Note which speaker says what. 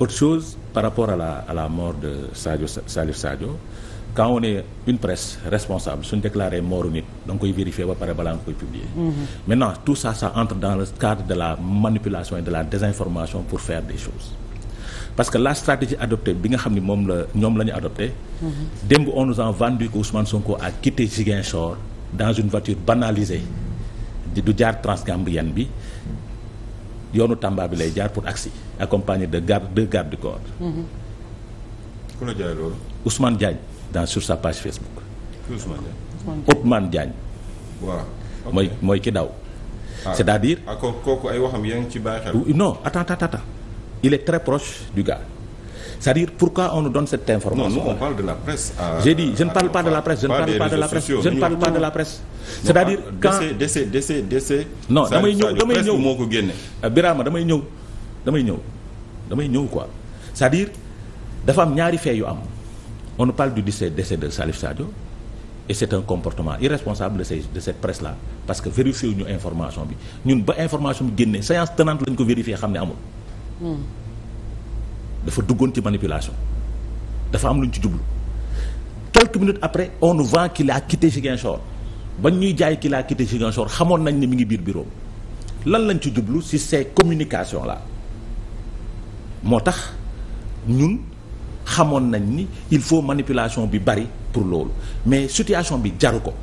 Speaker 1: Autre chose, par rapport à la, à mort de Sadio, Salif Sadio, quand on est une presse responsable, si on déclare mort ou donc on vérifie par balance pour publier. Mm -hmm. tout ça, ça entre dans le cadre de la manipulation et de la désinformation pour faire des choses. Parce que la stratégie adoptée, bien que nous l'avons adoptée, on nous a vendu que Ousmane Sonko a quitté Ziguinchor dans une voiture banalisée du jaar Diar bi yoonu Tamba bi lay jaar pour agsi accompagné de garde deux gardes du corps. ku la jaay dans sur sa page Facebook. Ousmane Diagne. mooy mooy ki daw. Ah. c'est-à-dire. ah kooku ay waxam yaa ngi ci bàyyi il est très proche du gars. c'est-à-dire pourquoi on nous donne cette information non nous on parle de la presse. j'ai dit je ne parle de la presse je ne parle parle de la presse. c'est-à-dire ah, quand décès décès décès ko génne. Euh, damay ñëw damay ñëw damay ñëw quoi cest dafa am ñaari fee yu am on nous du décès décès de Salif Sadio. et c'est un comportement irresponsable de cette presse là parce que vérifié information bi ñun ba information bi génne séance tenante lañ ko vérifier xam ne amul. Hmm. dafa duggoon ci manipulation dafa am lu ñu ci jublu quelques minutes après on nous vend qu'il a quitté Ziguinchor bañ ñuy jaay qu'il a quitté Ziguinchor xamoon nañ ne mu ngi biir bureau lan lañ ci jublu si ces communication la moo tax ñun xamoon nañ ni il faut manipulation bi bari pour loolu mais situation bi jaru ko